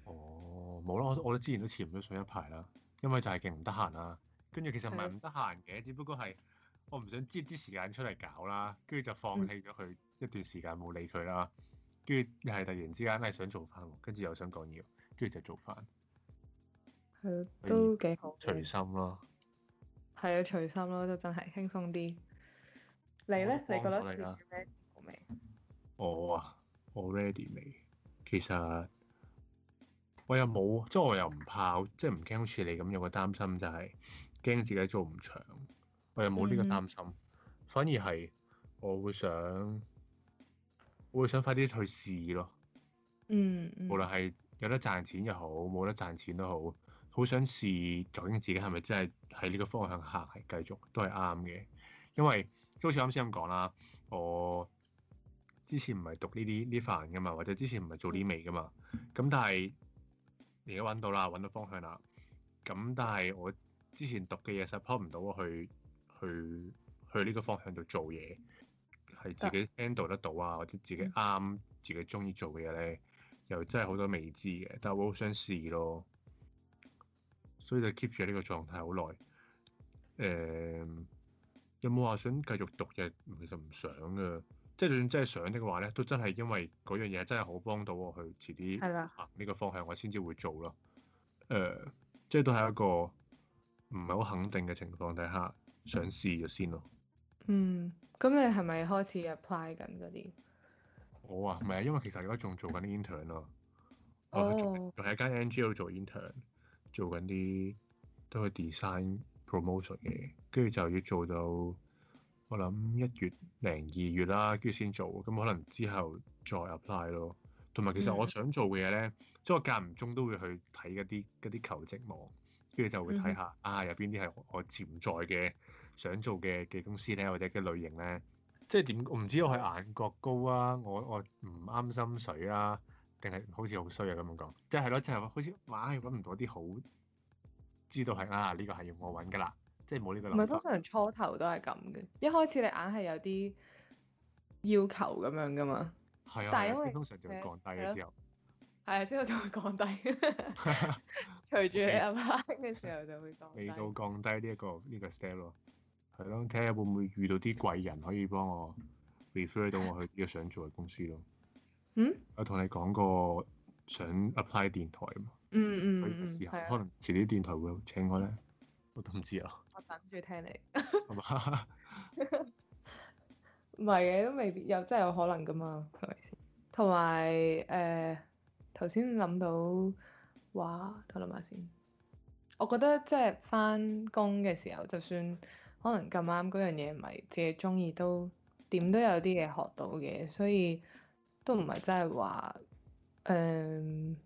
哦，冇啦，我我都之前都遲唔到上一排啦，因為就係勁唔得閒啦。跟住其實唔係唔得閒嘅，對只不過係。我唔想擠啲時間出嚟搞啦，跟住就放棄咗佢、嗯、一段時間冇理佢啦，跟住又係突然之間係想做翻，跟住又想講嘢，跟住就做翻。係，都幾好隨。隨心咯。係啊，隨心咯，都真係輕鬆啲。你咧？哦、你，你覺得點？我啊、哦，我 ready 未？其實我又冇，即係我又唔怕，嗯、即係唔驚。好似你咁有個擔心就係、係、驚自己做唔長。我又冇呢個擔心，mm hmm. 反而係我會想，我會想快啲去試咯。嗯、mm，hmm. 無論係有得賺錢又好，冇得賺錢都好，好想試究竟自己係咪真係喺呢個方向下繼續都係啱嘅。因為都好似啱先咁講啦，我之前唔係讀呢啲呢份嘅嘛，或者之前唔係做呢味嘅嘛。咁但係而家揾到啦，揾到方向啦。咁但係我之前讀嘅嘢 support 唔到我去。去去呢個方向度做嘢，係自己 handle 得到啊，或者自己啱自己中意做嘅嘢咧，又真係好多未知嘅。但係我好想試咯，所以就 keep 住呢個狀態好耐。誒、呃，有冇話想繼續讀嘅？其實唔想噶，即係就算真係想嘅話咧，都真係因為嗰樣嘢真係好幫到我去遲啲行呢個方向，我先至會做咯。誒、呃，即係都係一個唔係好肯定嘅情況底下。想試咗先咯。嗯，咁你係咪開始 apply 緊嗰啲？好啊，唔係、啊，因為其實而家仲做緊 intern 咯、啊。 哦、我仲喺間 NGO 度做 intern，做緊啲都係 design promotion 嘅，跟住就要做到，我諗一月零二月啦，跟住先做，咁可能之後再 apply 咯。同埋其實我想做嘅嘢咧，即係 我間唔中都會去睇一啲啲求職網，跟住就會睇下、嗯、啊，有邊啲係我潛在嘅想做嘅嘅公司咧，或者嘅類型咧，即係點？我唔知我係眼角高啊，我我唔啱心水啊，定係好似好衰啊咁講？即係係咯，即係好似哇，揾唔到啲好，知道係啊？呢個係要我揾㗎啦，即係冇呢個。唔係通常初頭都係咁嘅，一開始你硬係有啲要求咁樣㗎嘛。係啊，但係因為你通常就會降低咗之後，係啊，之後就會降低， 隨住你 upgrade 嘅時候就會降低，未 到降低呢一個呢個 step 咯。這個係咯，睇下會唔會遇到啲貴人可以幫我 refer 到我去個想做嘅公司咯、嗯嗯。嗯，我同你講過想 apply 電台啊嘛。嗯嗯嗯，係可能遲啲電台會請我咧，我都唔知啊。我等住聽你。係嘛？唔係嘅，都未必有，真係有可能噶嘛，係咪先？同埋誒頭先諗到嘩，諗下先。我覺得即係翻工嘅時候，就算。可能咁啱嗰樣嘢，唔係自己中意，都點都有啲嘢學到嘅，所以都唔係真係話誒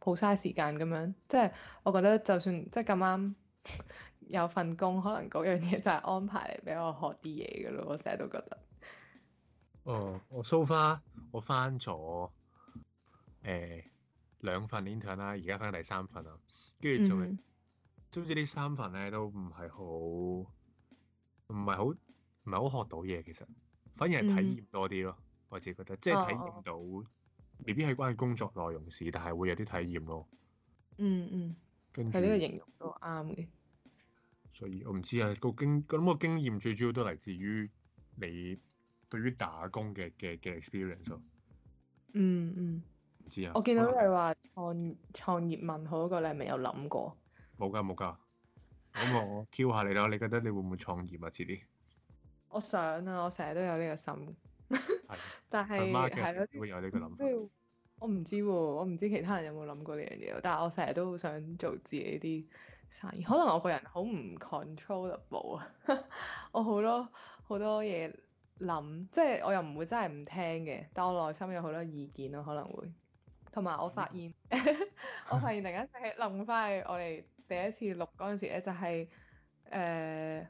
好嘥時間咁樣。即係我覺得，就算即係咁啱有份工，可能嗰樣嘢就係安排嚟俾我學啲嘢嘅咯。我成日都覺得。哦、嗯，我 so far，我翻咗誒、呃、兩份 intern 啦，而家翻第三份啦，跟住仲係，總之呢三份咧都唔係好唔係好唔係好學到嘢，其實反而係體驗多啲咯。嗯、我自己覺得，即係體驗到，未必係關於工作內容事，但係會有啲體驗咯。嗯嗯，係呢個形容都啱嘅，所以我唔知啊，個經咁個經驗最主要都嚟自於你對於打工嘅嘅嘅 experience 咯。嗯嗯，唔、嗯、知啊，我見到你話創、嗯、創業問號嗰個，你係咪有諗過？冇㗎冇㗎。咁我 Q 下你咯，你覺得你會唔會創業啊？遲啲，我想啊，我成日都有呢個心， 的但係係咯，the market 的會有呢個諗法。我唔知喎，我唔知其他人有冇諗過呢樣嘢。但係我成日都想做自己啲生意，可能我個人好唔 controllable 啊， 我好多好多嘢諗，即係我又唔會真係唔聽嘅，但我內心有好多意見咯，可能會。同埋我發現， 我發現突然間開始諗翻去我哋。第一次錄嗰陣時咧，就係誒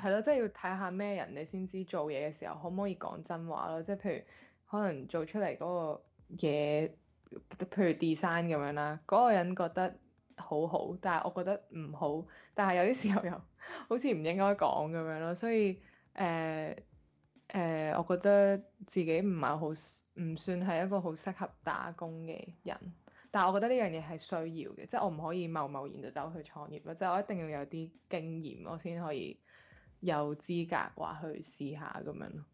係咯，即係要睇下咩人你先知做嘢嘅時候可唔可以講真話咯。即係譬如可能做出嚟嗰個嘢，譬如 design 咁樣啦，嗰個人覺得好好，但係我覺得唔好。但係有啲時候又好似唔應該講咁樣咯。所以誒誒，我覺得自己唔係好，唔算係一個好適合打工嘅人。但係我覺得呢樣嘢係需要嘅，即係我唔可以貿貿然就走去創業咯，即係我一定要有啲經驗，我先可以有資格話去試下咁樣咯。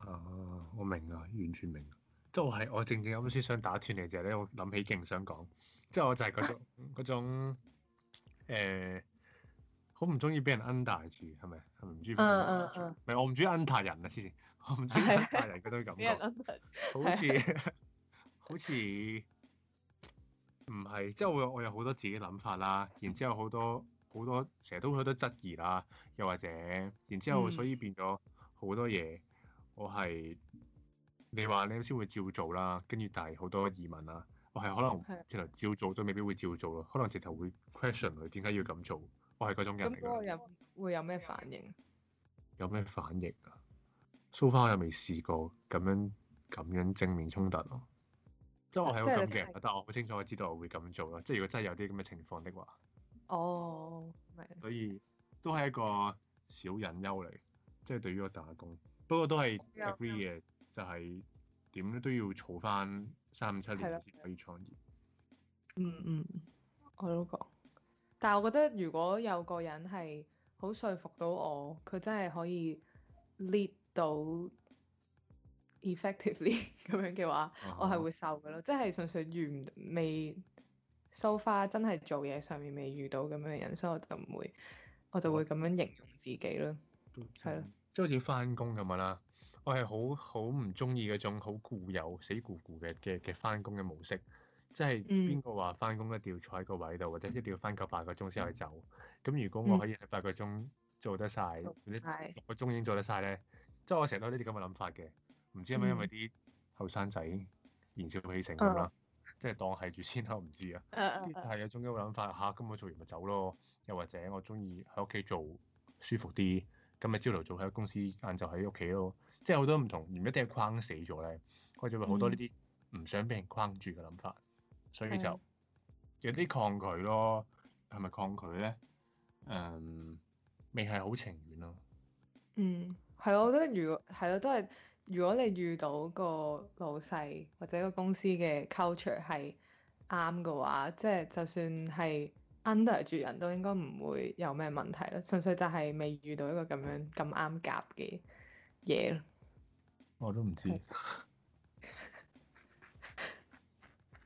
哦、啊，我明啊，完全明。即係我係我正正有冇思想打斷你就啫？咧，我諗起勁想講，即係我就係嗰種嗰 種誒，好唔中意俾人 under 住，係咪啊？係唔中意俾人 under 住？唔係我唔中意 under 人啊，黐線，我唔中意 under 人嗰種感覺， 好似好似。 唔係，即係我我有好多自己諗法啦，然之後好多好多成日都好多質疑啦，又或者，然之後所以變咗好多嘢，嗯、我係你話你先會照做啦，跟住但係好多疑問啦，我係可能直頭照做都未必會照做咯，可能直頭會 question 佢點解要咁做，我係嗰種人嚟嘅。咁、嗯、會有咩反應？有咩反應啊？So far 又未試過咁樣咁樣正面衝突咯、啊。即係我係咁嘅，啊、但得我好清楚我知道我會咁做咯。啊、即係如果真係有啲咁嘅情況的話，哦，所以、嗯、都係一個小隱憂嚟。即、就、係、是、對於我打工，嗯、不過都係 agree 嘅，就係點都要儲翻三五七年先可以創業。嗯嗯，我都講。但係我覺得如果有個人係好說服到我，佢真係可以 lead 到。Effectively 咁樣嘅話，哦、我係會受嘅咯，哦、即係純粹遇未收花，so、far，真係做嘢上面未遇到咁樣嘅人，所以我就唔會，我就會咁樣形容自己咯，係咯、哦，即係的好似翻工咁樣啦，我係好好唔中意嗰種好固有死固固嘅嘅嘅翻工嘅模式，即係邊個話翻工一定要坐喺個位度，嗯、或者一定要翻夠八個鐘先可以走，咁、嗯、如果我可以喺八個鐘做得曬，六個鐘已經做得晒咧，即係我成日都呢啲咁嘅諗法嘅。唔知係咪因為啲後生仔燃燒起成咁啦，uh, 即係當係住先啦，唔知啊。係啊，總之個諗法嚇，今日我做完咪走咯。又或者我中意喺屋企做舒服啲，今日朝頭早喺公司，晏晝喺屋企咯。即係好多唔同，而唔一定係框死咗咧。我仲有好多呢啲唔想俾人框住嘅諗法，uh, 所以就有啲抗拒咯。係咪抗拒咧？嗯，未係好情願咯。嗯，係啊，我覺得如果係咯，都係。如果你遇到個老細或者個公司嘅 culture 係啱嘅話，即係就算係 under 住人都應該唔會有咩問題咯。純粹就係未遇到一個咁樣咁啱夾嘅嘢咯。我都唔知呢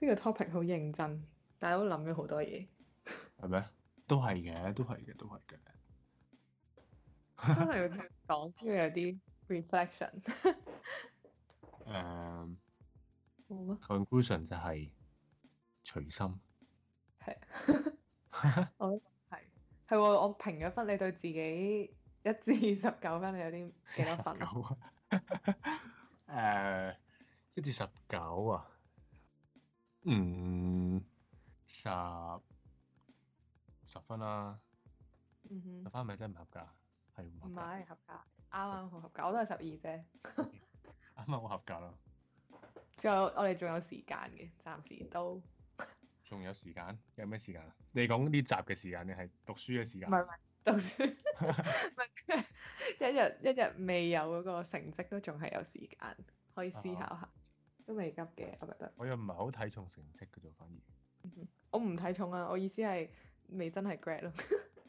是 個 topic 好認真，但係都諗咗好多嘢。係咩？都係嘅，都係嘅，都係嘅。真 係要聽講，因為有啲。reflection，誒，conclusion 就係隨心，係，我係，係喎，我評咗分，你對自己一至十九分，你有啲幾多分啊？誒，一至十九啊，嗯，十十分啦，嗯哼，十分咪真係唔合格。唔係合，合格，啱啱好合格。我都係十二啫，啱 啱好合格咯。仲有我哋仲有時間嘅，暫時都。仲有時間，有咩時間啊？你講呢集嘅時間，你係讀書嘅時間？唔係，唔係讀書， 一日一日未有嗰個成績都仲係有時間可以思考下，uh oh. 都未急嘅。我覺得我又唔係好睇重成績嘅，做反而，mm hmm. 我唔睇重啊。我意思係未真係 grad 咯。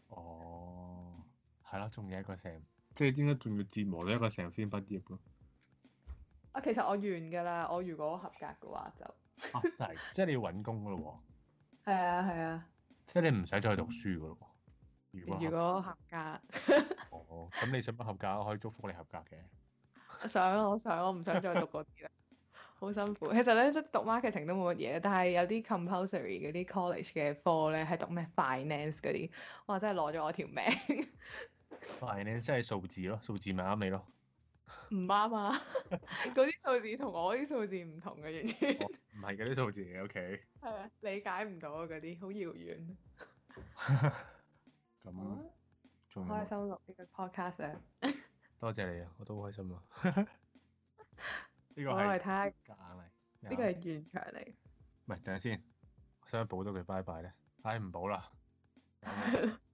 哦。 oh. 係咯，仲有一個成，即係點解仲要折磨你一個成先畢業咯？啊，其實我完噶啦，我如果合格嘅話就，係，即係你要搵工噶咯喎？係啊，係啊，即係你唔使、 啊啊、再讀書噶咯？如果合格，合格哦，咁你想不合格？ 我可以祝福你合格嘅。想我想我唔想，想再讀嗰啲啦，好 辛苦。其實咧，讀 marketing 都冇乜嘢，但係有啲 compulsory 嗰啲 college 嘅科咧，係讀咩 finance 嗰啲，哇，真係攞咗我條命。 係你真係數字咯，數字咪啱你咯，唔啱啊！嗰啲數字同我啲數字唔同嘅，完全唔係嗰啲數字嘅，O K。係、okay、啊，理解唔到啊，嗰啲好遙遠。咁啊，仲開心錄呢個 podcast 啊！多謝你啊，我都好開心啊！呢 個係是我嚟太硬嚟，呢個係現場嚟。唔係，等下先，想補多句拜拜咧，唉、哎，唔補啦。